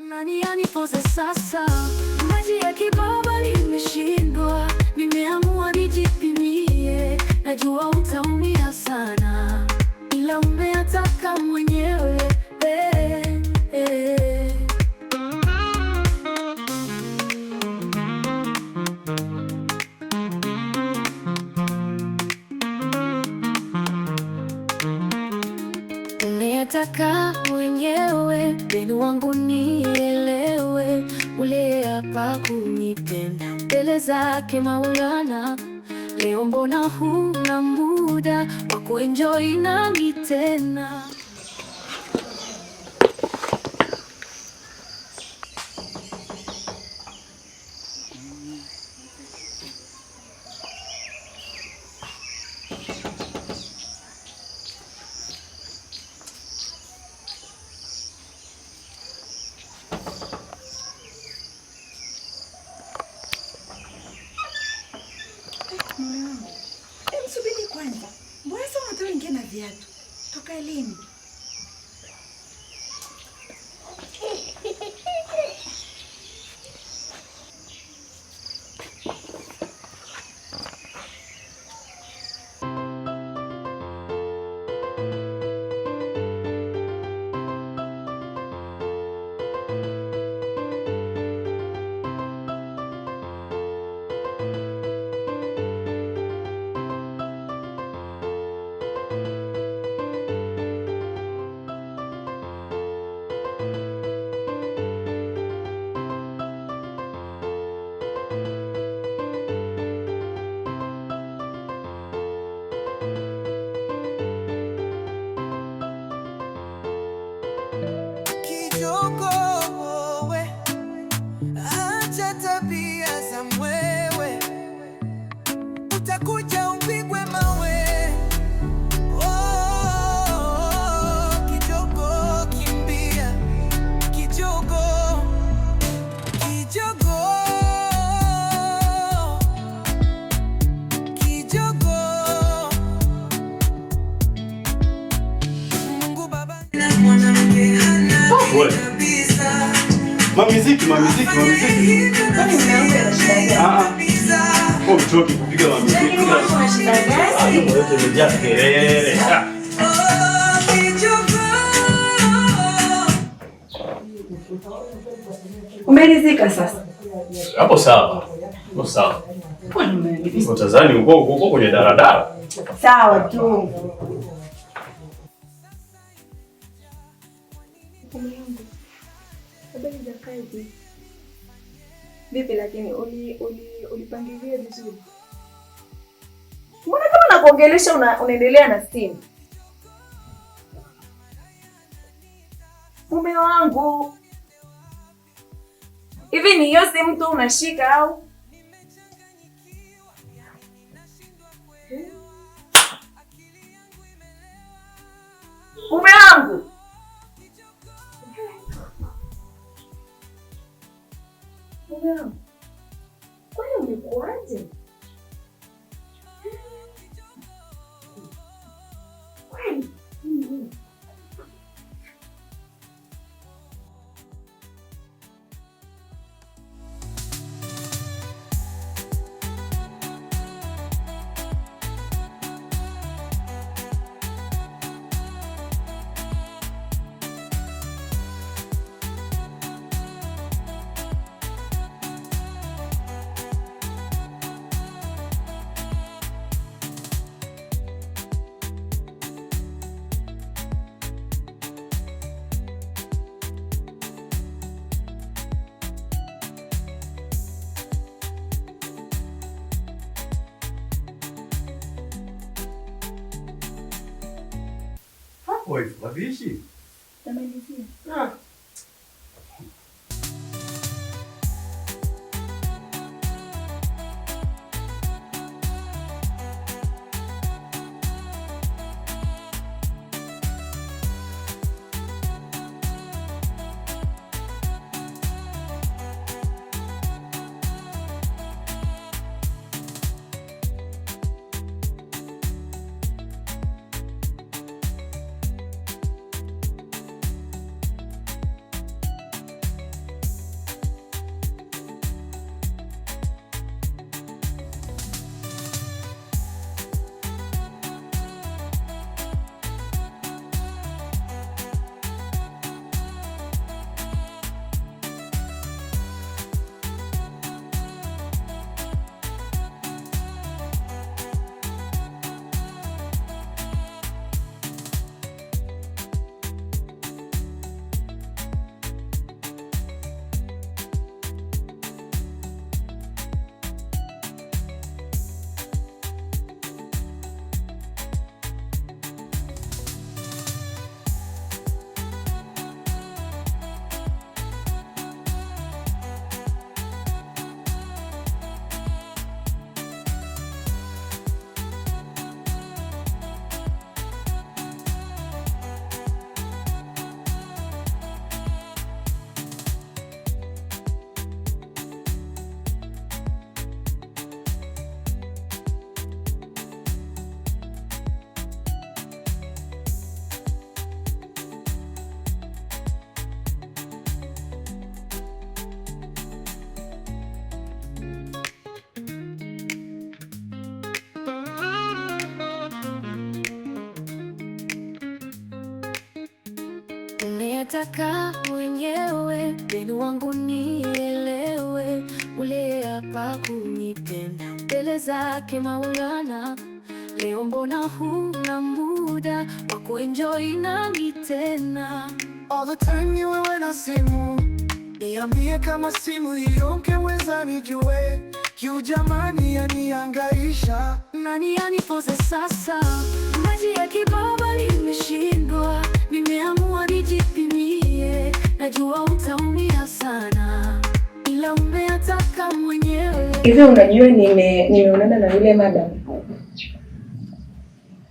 Nani nipoze sasa, maji ya kibaba limeshindwa nimeamua nijipimie, najua utaumia sana, ila umeataka mwenyewe eh, Umeataka mwenyewe, beni wangu ni mbele zake Maulana. Leo mbona huna muda wa kuenjoy nami tena? ma ma Mamiziki, ma mamiziki. Ah, ah, oh, mtoki kupiga mamiziki. Umerizika sasa? Hapo sawa. Hapo sawa. Kwa Kwa nini? tazani uko uko kwenye daradara. Sawa tu. kazi. Vipi lakini ulipangilia uli, uli vizuri? Mbona kama nakuongelesha una, unaendelea na simu? Mume wangu hivi ni hiyo simu tu unashika au mume wangu? Não. Qual é o meu quadro? Ой, в Лаврикии? Nataka mwenyewe wenu wangu nielewe, uliyeapa kunipenda mbele zake Maulana. Leo mbona huna muda wa kuenjoy nami tena? All the time ni wewe na simu, niambie kama simu hiyo mkeweza nijue. kiu jamani, yaniangaisha nani yanipose sasa maji ya kiba Hivi unajua nimeonana na yule madam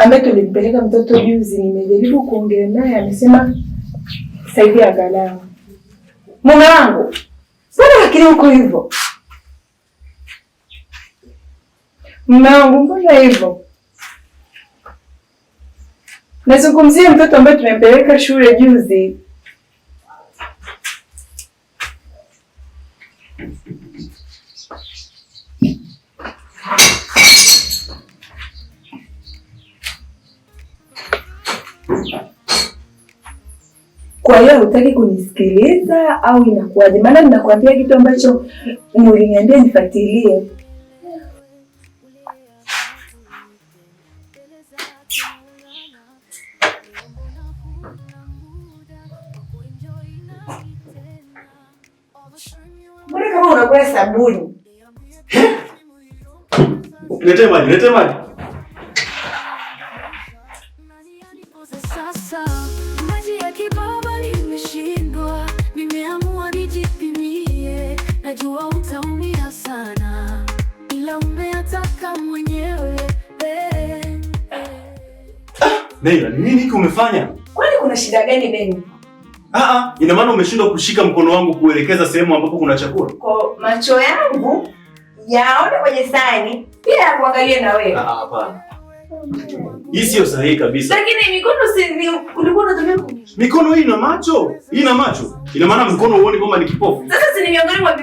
ambaye tulimpeleka mtoto juzi, nimejaribu kuongea naye, amesema saidi angalau. Mume wangu, mbona akili huko hivyo? Mume wangu, mbona hivyo? Nazungumzia mtoto ambaye tumempeleka shule juzi. Kwa hiyo hutaki kunisikiliza au inakuwaje? Maana ninakuambia kitu ambacho uliniambia nifuatilie. Mbona kama unakula sabuni? Niletee maji, niletee maji. Leila, ni nini hiki umefanya? Kwani kuna shida gani Beni? Ah ah, ina maana umeshindwa kushika mkono wangu kuelekeza sehemu ambapo kuna chakula? Kwa macho yangu yaona kwenye sahani pia kuangalia na wewe. Ah, ah hapana. Hii sio sahihi kabisa. Lakini mikono si ni ulikuwa unatumia Mikono hii ina macho? Hii ina macho. Ina maana mkono uone kama ni kipofu. Sasa si ni miongoni mwa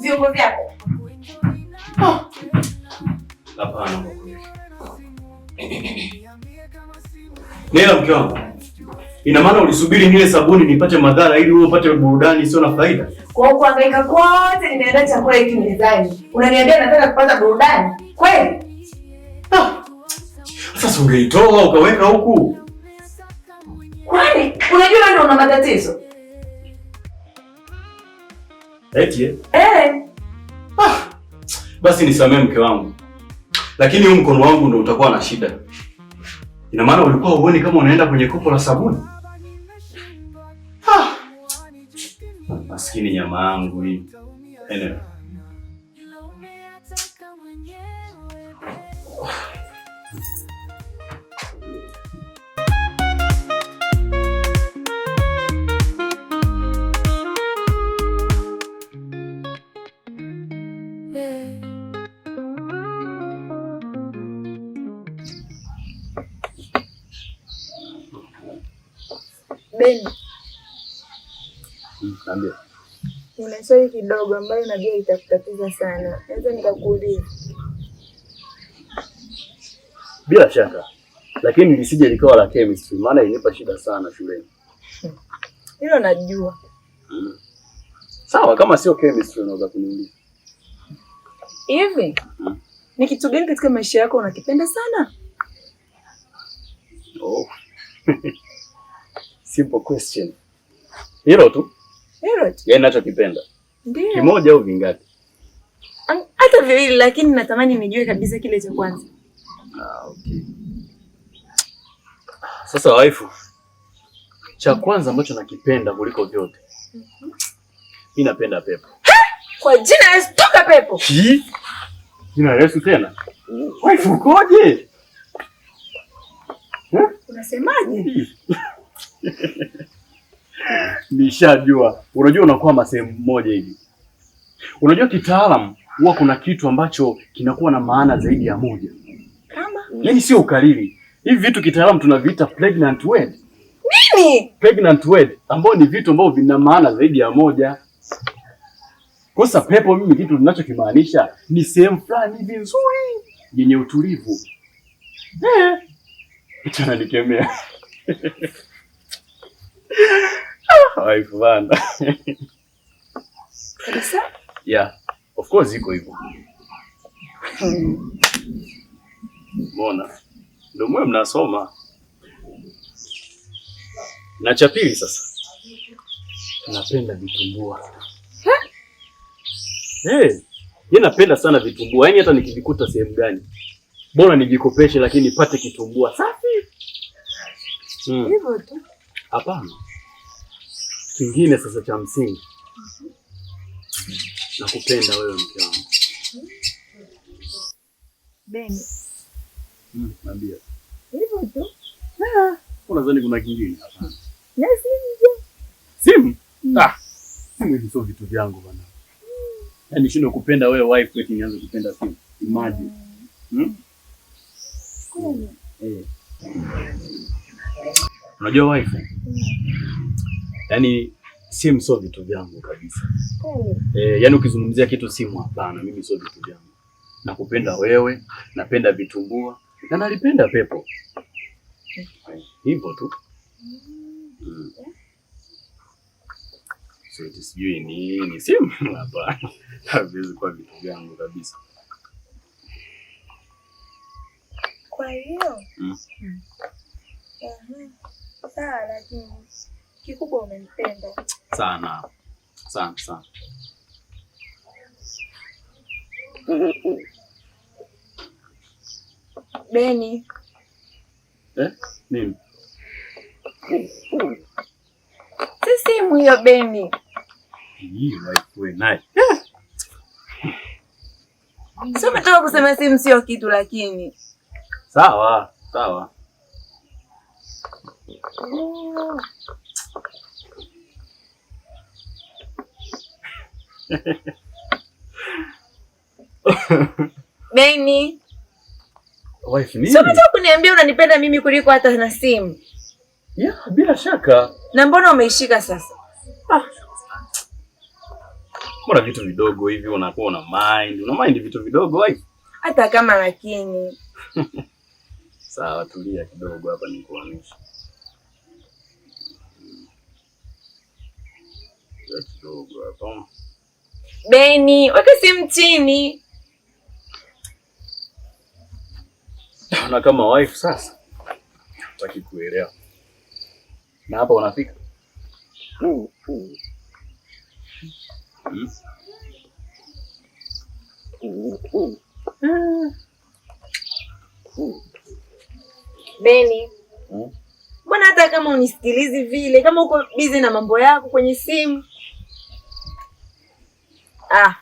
viungo vyako. Ah. Hapana. Nela, mke wangu, ina maana ulisubiri nile sabuni nipate madhara ili wewe upate burudani sio na faida? Kwa kuhangaika kwote nimeandaa chakula hiki mezani, unaniambia nataka kupata burudani kweli? Ah! Sasa ungeitoa ukaweka huku, kwani unajua ndio una matatizo eti eh? Eh. Ah, basi nisamee mke wangu, lakini huu mkono wangu ndio utakuwa na shida. Ina maana ulikuwa uone kama unaenda kwenye kopo la sabuni? Ah! Maskini nyama yangu hii. Beni, nina swali kidogo ambayo najua itakutatiza sana. Naweza nikakuuliza? Bila shaka, lakini lisije likawa la chemistry, maana inipa shida sana shuleni. Hmm. Hilo najua. Hmm. Sawa, kama sio chemistry unaweza kuniuliza hivi. Hmm. Ni kitu gani katika maisha yako unakipenda sana? Oh. simple question. Hilo tu. Hilo tu. Yeye yaani ninachokipenda. Ndio. Kimoja au vingapi? Hata viwili lakini natamani nijue kabisa kile cha kwanza. Ah, okay. Sasa waifu, cha kwanza ambacho nakipenda kuliko vyote mimi mm napenda pepo. Ha? Kwa jina Yesu toka pepo. Hi? Jina Yesu tena? Waifu ukoje? Unasemaje? Nishajua. Unajua unakwama sehemu moja hivi. Unajua kitaalamu huwa kuna kitu ambacho kinakuwa na maana zaidi ya moja. Kama? Yaani sio ukalili. Hivi vitu kitaalamu tunaviita pregnant word. Nini? Pregnant word ambao ni vitu ambavyo vina maana zaidi ya moja. Kosa pepo mimi kitu ninachokimaanisha ni sehemu fulani hivi nzuri yenye utulivu. Eh. Yeah. nikemea. Wife bana. Yeah. Of course iko hivyo. Mbona? ndo mwe mnasoma. Na cha pili sasa. Napenda vitumbua. hey, eh, napenda sana vitumbua. Yaani hata nikivikuta sehemu gani, bora nijikopeshe lakini nipate kitumbua safi. Hmm. Hivyo tu. Hapana. Kingine sasa cha msingi, na kupenda wewe mke wangu. Beni, mm, naambia hivyo tu. Unadhani ah, kuna kingine? Hapana. Na simu. Simu? Mm. Ah, simu hizo vitu vyangu bwana. Yaani shindwe kupenda wewe wife eti nianze kupenda simu. Imagine. Mm. Hmm? Kweli. Eh. Unajua wife? yani simu sio vitu vyangu kabisa. Hmm. Eh, yani ukizungumzia kitu simu, hapana, mimi sio vitu vyangu. Nakupenda wewe, napenda vitumbua na nalipenda pepo, hivyo tu mm. So, sijui ni ni simu hapa haviwezi kuwa vitu vyangu kabisa. Kwa hiyo mm. mm kikubwa umempenda sana sana sana. Beni eh, nini sisimu hiyo Beni yeah. Sio umetoka kusema simu sio kitu, lakini sawa sawa mm. Beni, so, kuniambia unanipenda mimi kuliko hata na simu? Yeah, bila shaka. Na mbona umeishika sasa? Ah. Mbona vitu vidogo hivi unakuwa una mind, una mind vitu vidogo wife. Hata kama lakini. Sawa, tulia kidogo hapa nikuonesha. Kidogo hapa. Beni, weka simu chini. Naona kama wife sasa. Nataki kuelewa. Na hapa unafika. Mm. Mm. Mm. Beni. Hmm? Mbona mm, hata kama unisikilizi vile, kama uko busy na mambo yako kwenye simu Ah,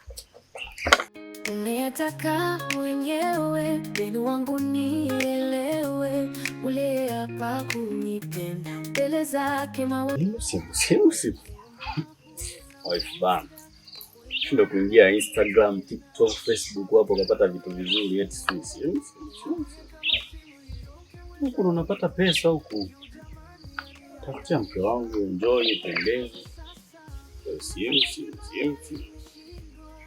unayataka mwenyewe, pendo wangu nielewe, uliapa kunipenda mbele zake Shinda kuingia Instagram, TikTok, Facebook hapo ukapata vitu vizuri eti sisi. Huko unapata pesa huku. Tafutia mke wangu, enjoy, pendeze. Sio sio sio.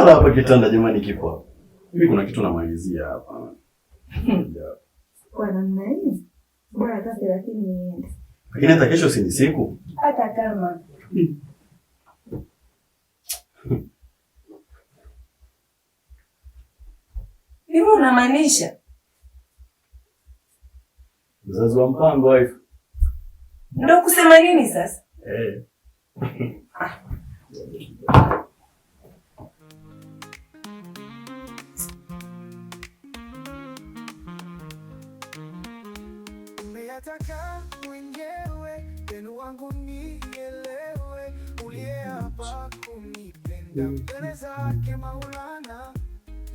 Mbona hapa kitanda jamani kipo hapa? Mimi kuna kitu namalizia hapa. Kwa namna hii? Bora hata 30 niende. Lakini hata kesho si ni siku? Hata kama. hivi unamaanisha? Mzazi wa mpango wife. Ndio kusema nini sasa? Eh. Ah. Nataka mwenyewe pendo wangu nielewe, uliyeapa kunipenda mm. mbele zake Maulana,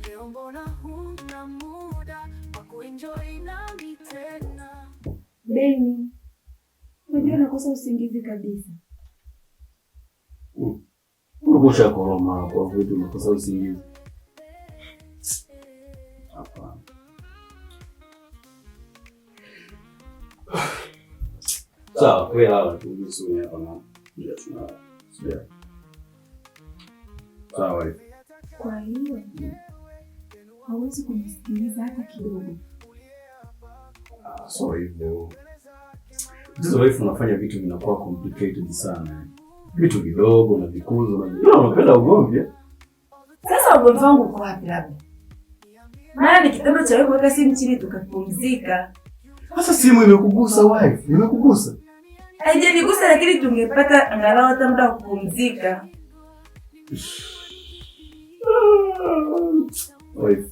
leo mbona huna muda wa kuenjoy nami tena? Deni, unajua nakosa usingizi kabisa. Mm. Kurugusha koroma kwa vitu nakosa usingizi Sawa, wewe lala tu mimi hiyo hawezi kunisikiliza hata kidogo. Ah, so hivyo. vitu vinakuwa complicated sana. Vitu vidogo na vikuzo na Unapenda ugomvi. Sasa ugomvi wangu uko wapi labda? Maana ni kitendo cha kuweka simu chini tukapumzika. Sasa simu imekugusa wife, imekugusa haijanigusa, lakini tungepata angalau hata muda wa kupumzika.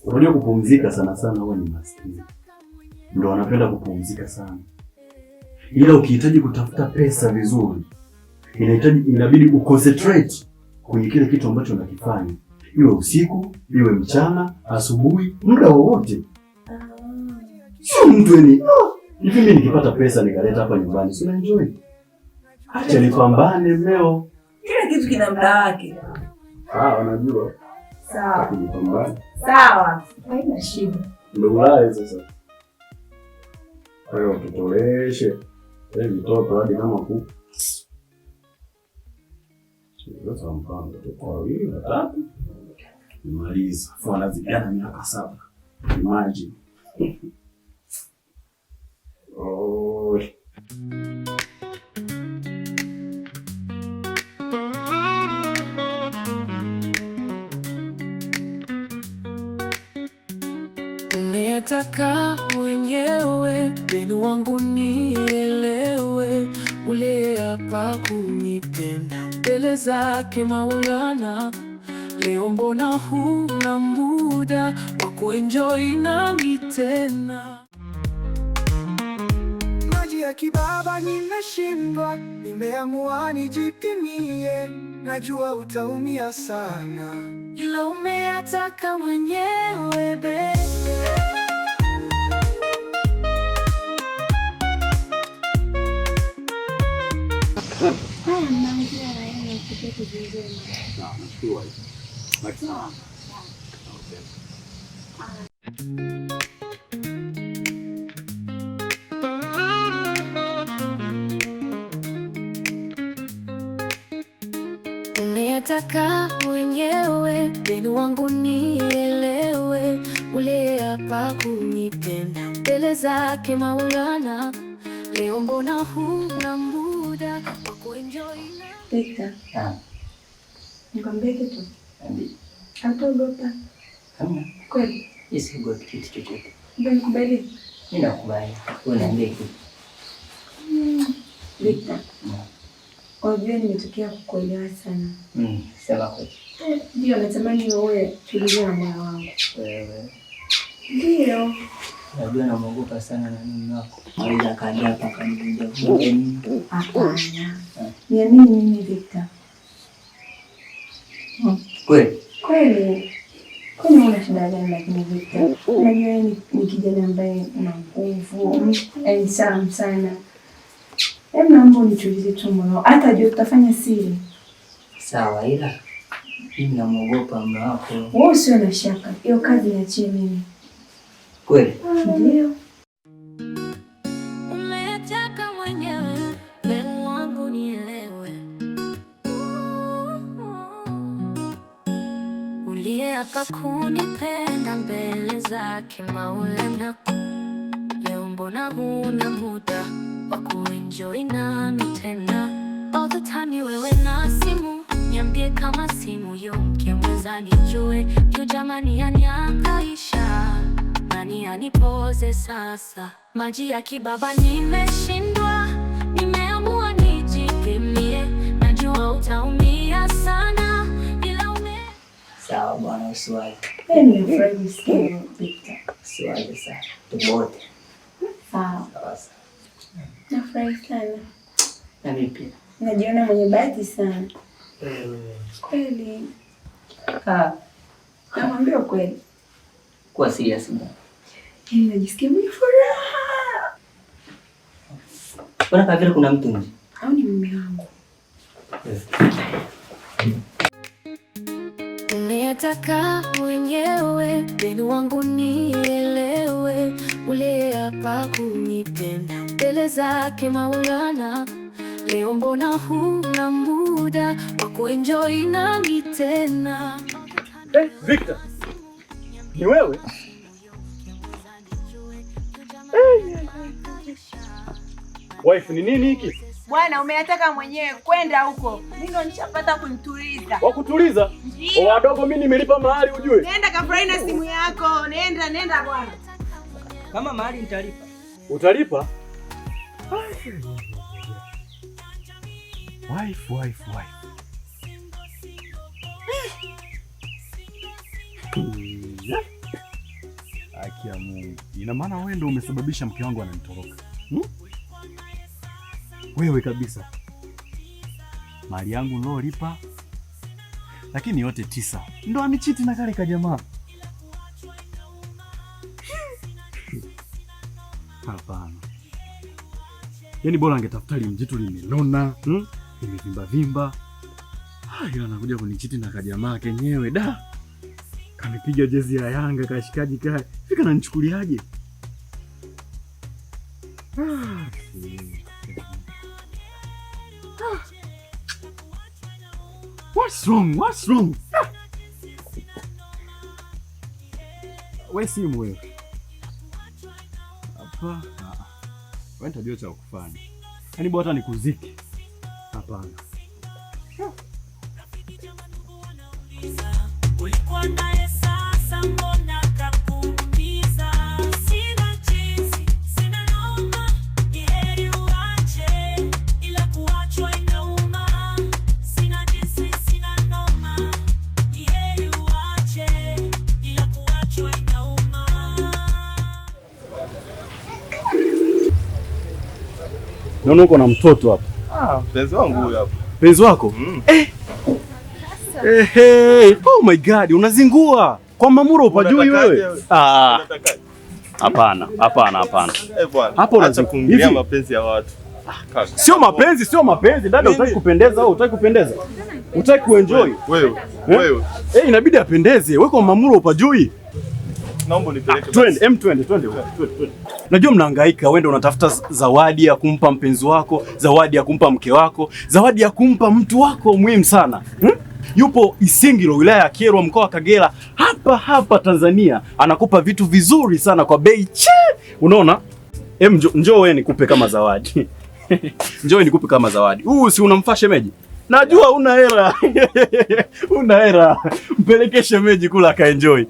Unajua kupumzika sana sana huwa ni maskini ndo wanapenda kupumzika sana, ila ukihitaji kutafuta pesa vizuri, inahitaji inabidi uconcentrate kwenye kile kitu ambacho unakifanya, iwe usiku, iwe mchana, asubuhi, muda wowote, ah. sio mtu ni ah, Hivi mimi nikipata pesa nikaleta hapa nyumbani, si enjoy? Acha nipambane meo. Kila kitu kina muda wake. Ah, unajua. Sawa. Nipambane. Sawa. Haina shida. Ndio ulale sasa. Kwa hiyo tutoleshe. Eh, mtoto hadi kama kuku. Sasa mpango tuko wawili watatu. Nimaliza. Fua nazijana miaka saba. Imagine. Oi. Nitaka mwenyewe mpendo wangu nielewe, uliyeapa kunipenda mbele zake Maulana. Leo mbona huna muda wa kuenjoy nami tena? ya kibaba nimeshindwa, nimeamua nijitimie. Najua utaumia sana, ila umeataka mwenyewe bebe. Nataka mwenyewe wenu wangu nielewe, uliyeapa kunipenda mbele zake Maulana, leo mbona huna muda wa kuenjoy? Ah. Nikwambie kitu, Unajua nimetokea kukuelewa sana. Mm, sema kweli. Ndio natamani wewe tulie na moyo wangu. Wewe. Ndio. Najua namuogopa sana na mume wako. Anaweza kaja hapa kanivunja vunja. Hapana. Niamini mimi Victor. Kweli. Kweli. Kwani una shida gani lakini Victor? Najua ni kijana ambaye una nguvu, mtamu sana. Hebu naomba unitulize tu tumbo, hata je, tutafanya siri? Sawa, ila mimi namuogopa mume wako. Wewe usio na shaka, hiyo kazi niachie mimi. Kweli? Ndio. Uliye akanipenda mbele zake Mola mbona huna muda wa kuenjoy nami tena? All the time wewe na simu, niambie kama simu yo mke mweza nijue, yo jamani yaniangaisha, nani anipoze sasa? Maji ya kibaba nimeshindwa, nimeamua nijipimie, najua utaumia sana ila ume sawa bwana, ni Freddy Skin Victor, usiwazi sana tubote Nafurahi sana. Na pia. Najiona mwenye bahati sana. Eh. Kweli. Namwambia kweli. Kuwa serious bwana. Yaani najisikia mwenye furaha. Bwana kavile kuna mtu nje. Au ni mume wangu? Nilitaka mwenyewe, deni wangu nielewe uliapa kunipenda mbele zake Maulana, leo mbona huna muda wa kuenjoy nami tena? Hey, eh, Victor, ni wewe? Hey. Eh, wife, ni nini hiki? Bwana, umeyataka mwenyewe, kwenda huko. Mimi ndo nishapata kunituliza. Wakutuliza? Wadogo mimi nimelipa mahali ujue. Nenda kafurahi na simu yako. Nenda, nenda bwana. Kama mahali nitalipa. Utalipa? Wife, wife, wife. Aki ya Mungu. Ina maana wewe ndio umesababisha mke wangu ananitoroka. Hmm? Wewe kabisa. Mali yangu nilolipa. Lakini yote tisa. Ndio amichiti na kale kajamaa. jamaa. yani bora angetafuta limjitu limelona hmm? limevimba vimba ah, ila anakuja kunichiti na kajamaa kenyewe da kanipiga jezi ya Yanga kashikaji kaya fika nanichukuliaje? ah, What's wrong? What's wrong? Ah. We simu wewe hapa wewe nitajua cha kufanya. Yaani bora nikuzike. Hapana. Huh. Naona uko na mtoto hapa. Ah, mpenzi wangu huyo hapa. Mpenzi wako? Mm. Eh. Eh, Oh my God, unazingua. Kwa Mamuro upajui wewe. Ah. Hapana, hapana, hapana. Eh bwana. Hapo unazikungilia mapenzi ya watu. Ah, sio mapenzi, sio mapenzi. Dada utaki kupendeza au utaki kupendeza? Utaki kuenjoy? Wewe. Eh? Wewe. Eh, inabidi apendeze. Wewe kwa Mamuro upajui. Ah, Najua mnahangaika, wewe ndio unatafuta zawadi ya kumpa mpenzi wako, zawadi ya kumpa mke wako, zawadi ya kumpa mtu wako muhimu sana hmm? Yupo Isingiro, wilaya ya Kyerwa, mkoa wa Kagera, hapa hapa Tanzania, anakupa vitu vizuri sana kwa bei che, unaona em, njoo wewe nikupe kama zawadi njoo nikupe kama zawadi. Huu si unamfaa shemeji? Najua una hela una hela, mpeleke shemeji kula akaenjoy.